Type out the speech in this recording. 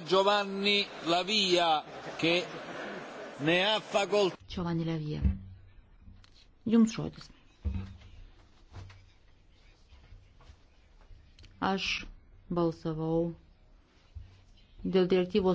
Giovanni Lavia, che ne ha facoltà. Giovanni Lavia. Jums žodis. Aš balsavau dėl direktyvos